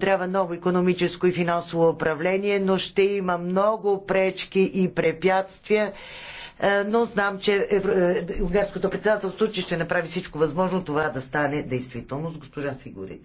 трябва ново економическо и финансово управление, но ще има много пречки и препятствия. Но знам, че Унгарското председателство че ще направи всичко възможно това да стане действителност. Госпожа Фигури.